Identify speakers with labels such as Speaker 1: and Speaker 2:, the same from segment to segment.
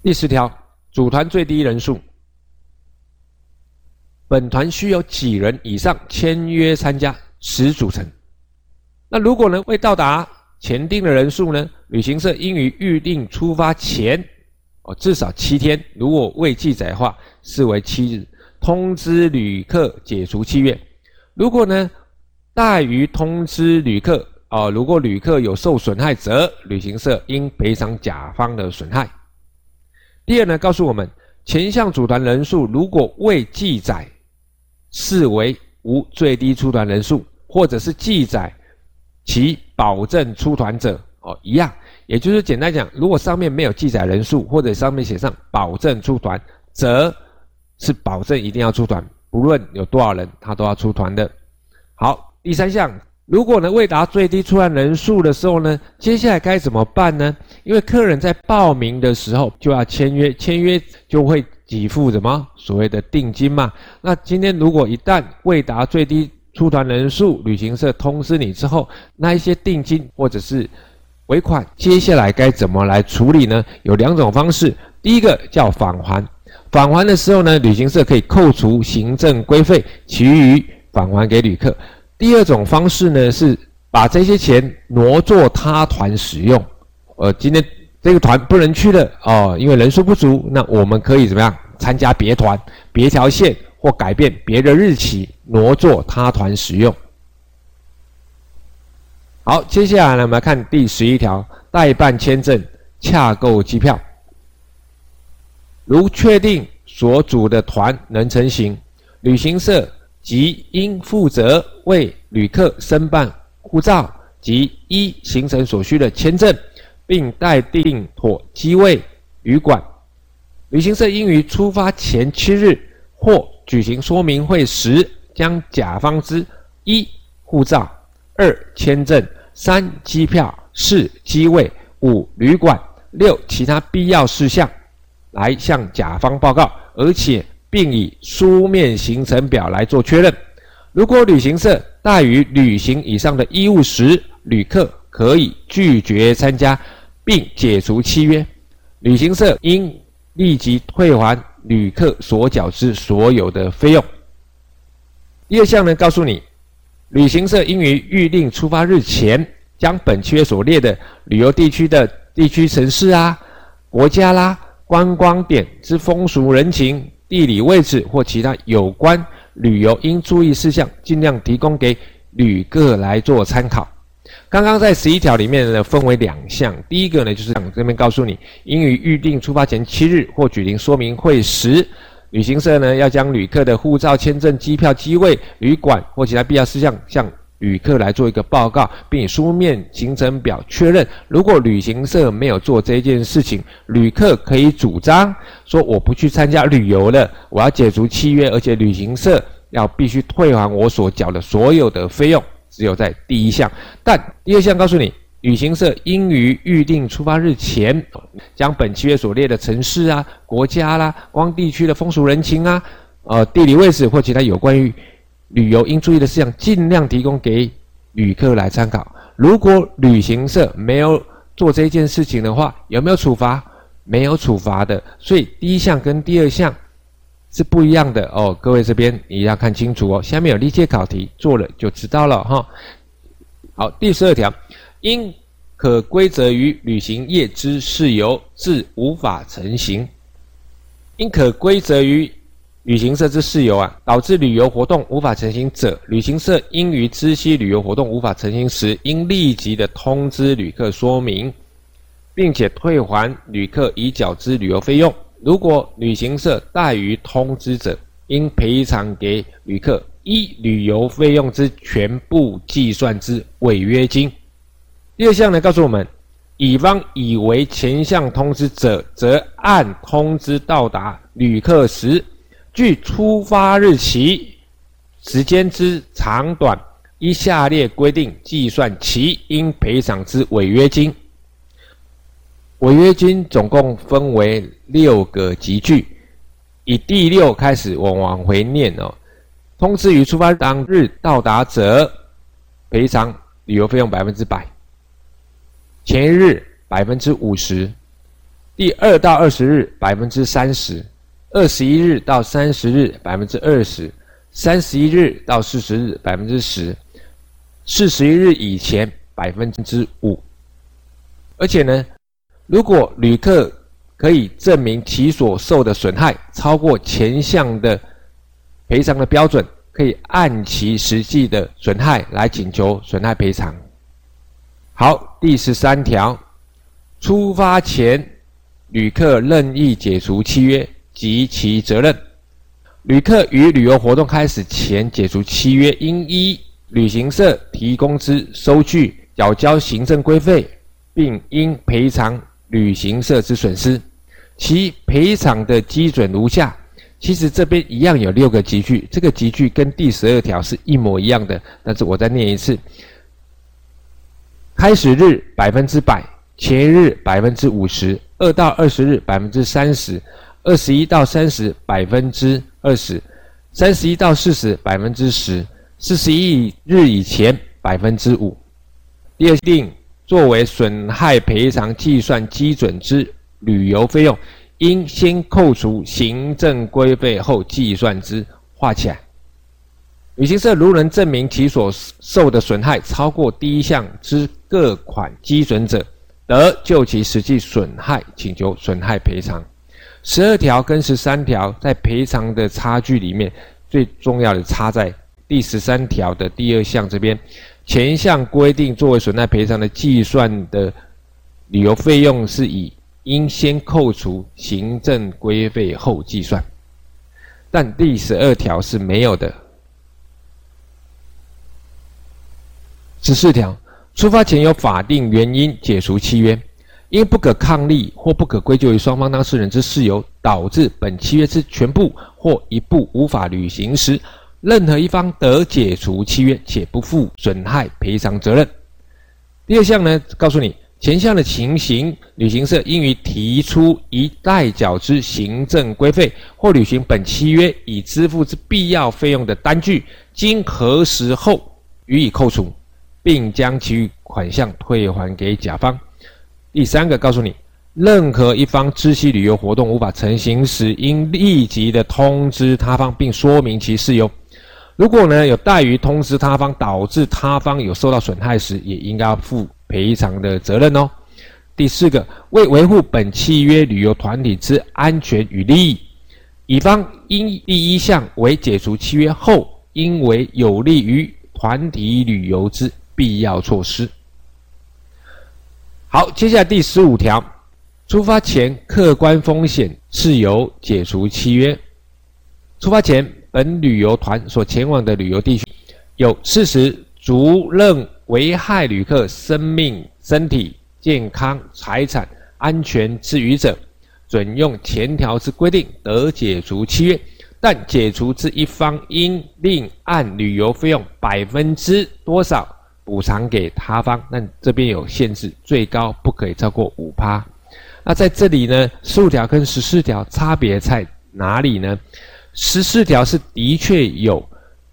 Speaker 1: 第十條，組團最低人數，本團需有幾人以上簽約參加始組成。那如果呢未到達前定的人數呢，旅行社應於預定出發前哦至少七天，如果未記載的話視為七日通知旅客解除契約。如果呢怠於通知旅客啊、哦，如果旅客有受損害則旅行社應賠償甲方的損害。第二呢，告訴我們前項組團人數如果未記載，視為無最低出團人數，或者是記載其保證出團者哦一樣。也就是簡單講，如果上面沒有記載人數，或者上面寫上保證出團，則是保證一定要出團，不論有多少人，他都要出團的。好，第三項。如果呢，未達最低出團人數的時候呢，接下來該怎麼辦呢？因為客人在報名的時候就要簽約，簽約就會給付什麼？所謂的定金嘛。那今天如果一旦未達最低出團人數，旅行社通知你之後，那一些定金或者是尾款，接下來該怎麼來處理呢？有兩種方式，第一個叫返還，返還的時候呢，旅行社可以扣除行政規費，其餘返還給旅客。第二種方式呢，是把這些錢挪作他團使用。呃，今天這個團不能去了哦，呃，因為人數不足。那我們可以怎麼樣？參加別團、別條線或改變別的日期，挪作他團使用。好，接下來呢，我們來看第十一條：代辦簽證、洽購機票。如確定所組的團能成行，旅行社。即應負責為旅客申辦護照及一行程所需的簽證，並代訂妥機位、旅館。旅行社應於出發前七日或舉行說明會時，將甲方之一護照、二簽證、三機票、四機位、五旅館、六其他必要事項來向甲方報告，而且。並以書面行程表來做確認。如果旅行社怠於履行以上的義務時，旅客可以拒絕參加並解除契約，旅行社應立即退還旅客所繳之所有的費用。第二項呢，告訴你，旅行社應於預定出發日前，將本契約所列的旅遊地區的地區、城市啊、國家啦、觀光點之風俗人情。地理位置或其他有關旅遊應注意事項，盡量提供給旅客來做參考。剛剛在十一條裡面呢，分為兩項，第一個呢就是想這邊告訴你，應於預定出發前七日或舉行說明會時，旅行社呢要將旅客的護照、簽證、機票、機位、旅館或其他必要事項向。旅客來做一個報告，並以書面行程表確認。如果旅行社沒有做這件事情，旅客可以主張說我不去參加旅遊了，我要解除契約，而且旅行社要必須退還我所繳的所有的費用。只有在第一項，但第二項告訴你，旅行社應於預定出發日前，將本契約所列的城市啊、國家啦、啊、光地區的風俗人情啊、呃地理位置或其他有關於。旅遊應注意的事項，盡量提供給旅客來參考。如果旅行社沒有做這件事情的話，有沒有處罰？沒有處罰的。所以第一項跟第二項是不一樣的哦。各位這邊你要看清楚哦。下面有例題考題，做了就知道了哈、哦。好，第十二條，因可歸責於旅行業之事由，致無法成行，因可歸責於。旅行社之事由啊，導致旅遊活動無法成行者，旅行社應於知悉旅遊活動無法成行時，應立即的通知旅客說明，並且退還旅客已繳之旅遊費用。如果旅行社怠於通知者，應賠償給旅客依旅遊費用之全部計算之違約金。第二項呢，告訴我們，乙方已為前項通知者，則按通知到達旅客時。據出發日期時間之長短，依下列規定計算其應賠償之違約金。違約金總共分為六個集聚，以第六開始，我往回念哦。通知於出發當日到達者，賠償旅遊費用百分之百；前一日百分之五十；第二到二十日百分之三十。二十一日到三十日百分之二十，三十一日到四十日百分之十，四十一日以前百分之五。而且呢，如果旅客可以證明其所受的損害超過前項的賠償的標準，可以按其實際的損害來請求損害賠償。好，第十三條，出發前旅客任意解除契約。及其責任，旅客於旅遊活動開始前解除契約，應依旅行社提供之收據繳交行政規費，並應賠償旅行社之損失。其賠償的基準如下：其實這邊一樣有六個級距，這個級距跟第十二條是一模一樣的，但是我再念一次：開始日百分之百，前日百分之五十，二到二十日百分之三十。二十一到三十百分之二十，三十一到四十百分之十，四十一日以前百分之五，約定作為損害賠償計算基準之旅遊費用，應先扣除行政規費後計算之。畫起來。旅行社如能證明其所受的損害超過第一項之各款基準者，得就其實際損害請求損害賠償。十二條跟十三條在賠償的差距裡面，最重要的差在第十三條的第二項這邊，前項規定作為損害賠償的計算的旅遊費用是以應先扣除行政規費後計算，但第十二條是沒有的。十四條，出發前有法定原因解除契約。因不可抗力或不可歸咎於雙方當事人之事由導致本契約之全部或一部無法履行時，任何一方得解除契約且不負損害賠償責任。第二項呢，告訴你前項的情形，旅行社應於提出已代繳之行政規費或履行本契約已支付之必要費用的單據，經核實後予以扣除，並將其餘款項退還給甲方。第三個，告訴你，任何一方知悉旅遊活動無法成行時，應立即的通知他方，並說明其事由，哦。如果呢怠於通知他方，導致他方有受到損害時，也應該要負賠償的責任哦。第四個，為維護本契約旅遊團體之安全與利益，乙方應第一項為解除契約後，應為有利於團體旅遊之必要措施。好，接下來第十五條，出發前客觀風險事由解除契約。出發前，本旅遊團所前往的旅遊地區，有事實足認危害旅客生命、身體健康、財產安全之虞者，準用前條之規定得解除契約。但解除之一方應另按旅遊費用百分之多少？補償給他方，那這邊有限制，最高不可以超過五趴。那在這裡呢，十五條跟十四條差別在哪裡呢？十四條是的確有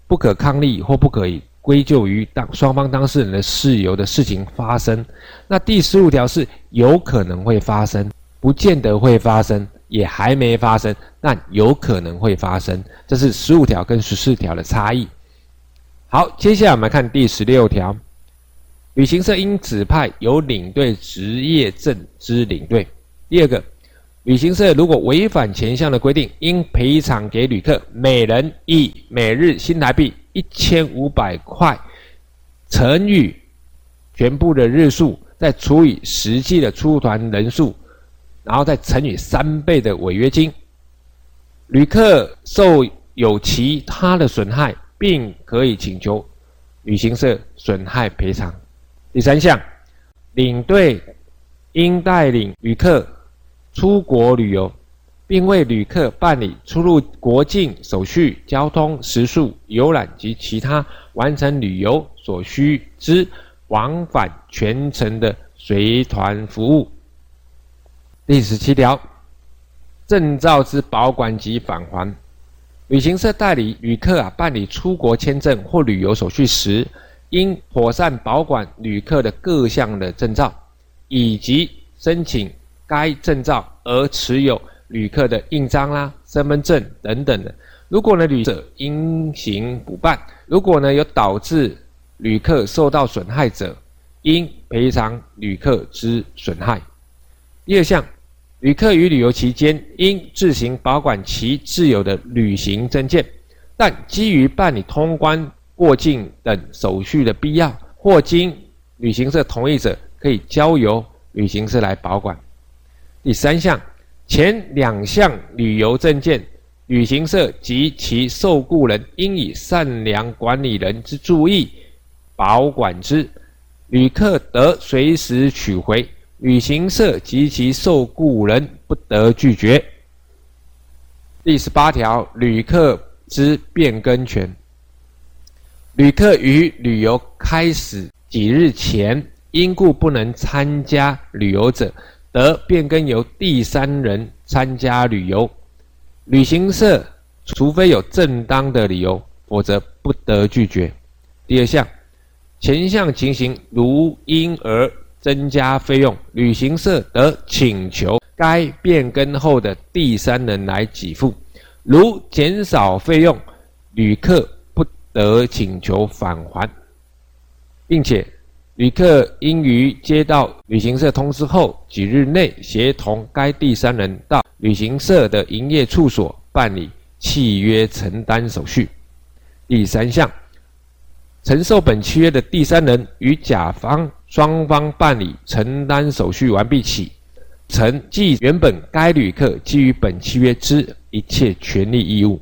Speaker 1: 不可抗力或不可以歸咎於當雙方當事人的事由的事情發生。那第十五條是有可能會發生，不見得會發生，也還沒發生，但有可能會發生。這是十五條跟十四條的差異。好，接下來我們來看第十六條。旅行社應指派有領隊執業證之領隊。第二個，旅行社如果違反前項的規定，應賠償給旅客每人以每日新台幣一千五百塊乘以全部的日數，再除以實際的出團人數，然後再乘以三倍的違約金。旅客受有其他的損害，並可以請求旅行社損害賠償。第三項，領隊應帶領旅客出國旅遊，並為旅客辦理出入國境手續、交通、食宿、遊覽及其他完成旅遊所需之往返全程的隨團服務。第十七條，證照之保管及返還，旅行社代理旅客啊辦理出國簽證或旅遊手續時，應妥善保管旅客的各項的證照，以及申請該證照而持有旅客的印章啦、啊、身份證等等的。如果呢，旅客應行補辦，如果呢有導致旅客受到損害者，應賠償旅客之損害。第二項，旅客於旅遊期間應自行保管其自有的旅行證件，但基於辦理通關。過境等手續的必要，或經旅行社同意者，可以交由旅行社來保管。第三項，前兩項旅遊證件，旅行社及其受雇人應以善良管理人之注意保管之，旅客得隨時取回，旅行社及其受雇人不得拒絕。第十八條，旅客之變更權。旅客於旅遊開始幾日前因故不能參加旅遊者，得變更由第三人參加旅遊，旅行社除非有正當的理由，否則不得拒絕。第二項，前項情形如因而增加費用，旅行社得請求該變更後的第三人來給付；如減少費用，旅客。得請求返還，並且旅客應於接到旅行社通知後幾日內，協同該第三人到旅行社的營業處所辦理契約承擔手續。第三項，承受本契約的第三人與甲方雙方辦理承擔手續完畢起，承繼原本該旅客基於本契約之一切權利義務。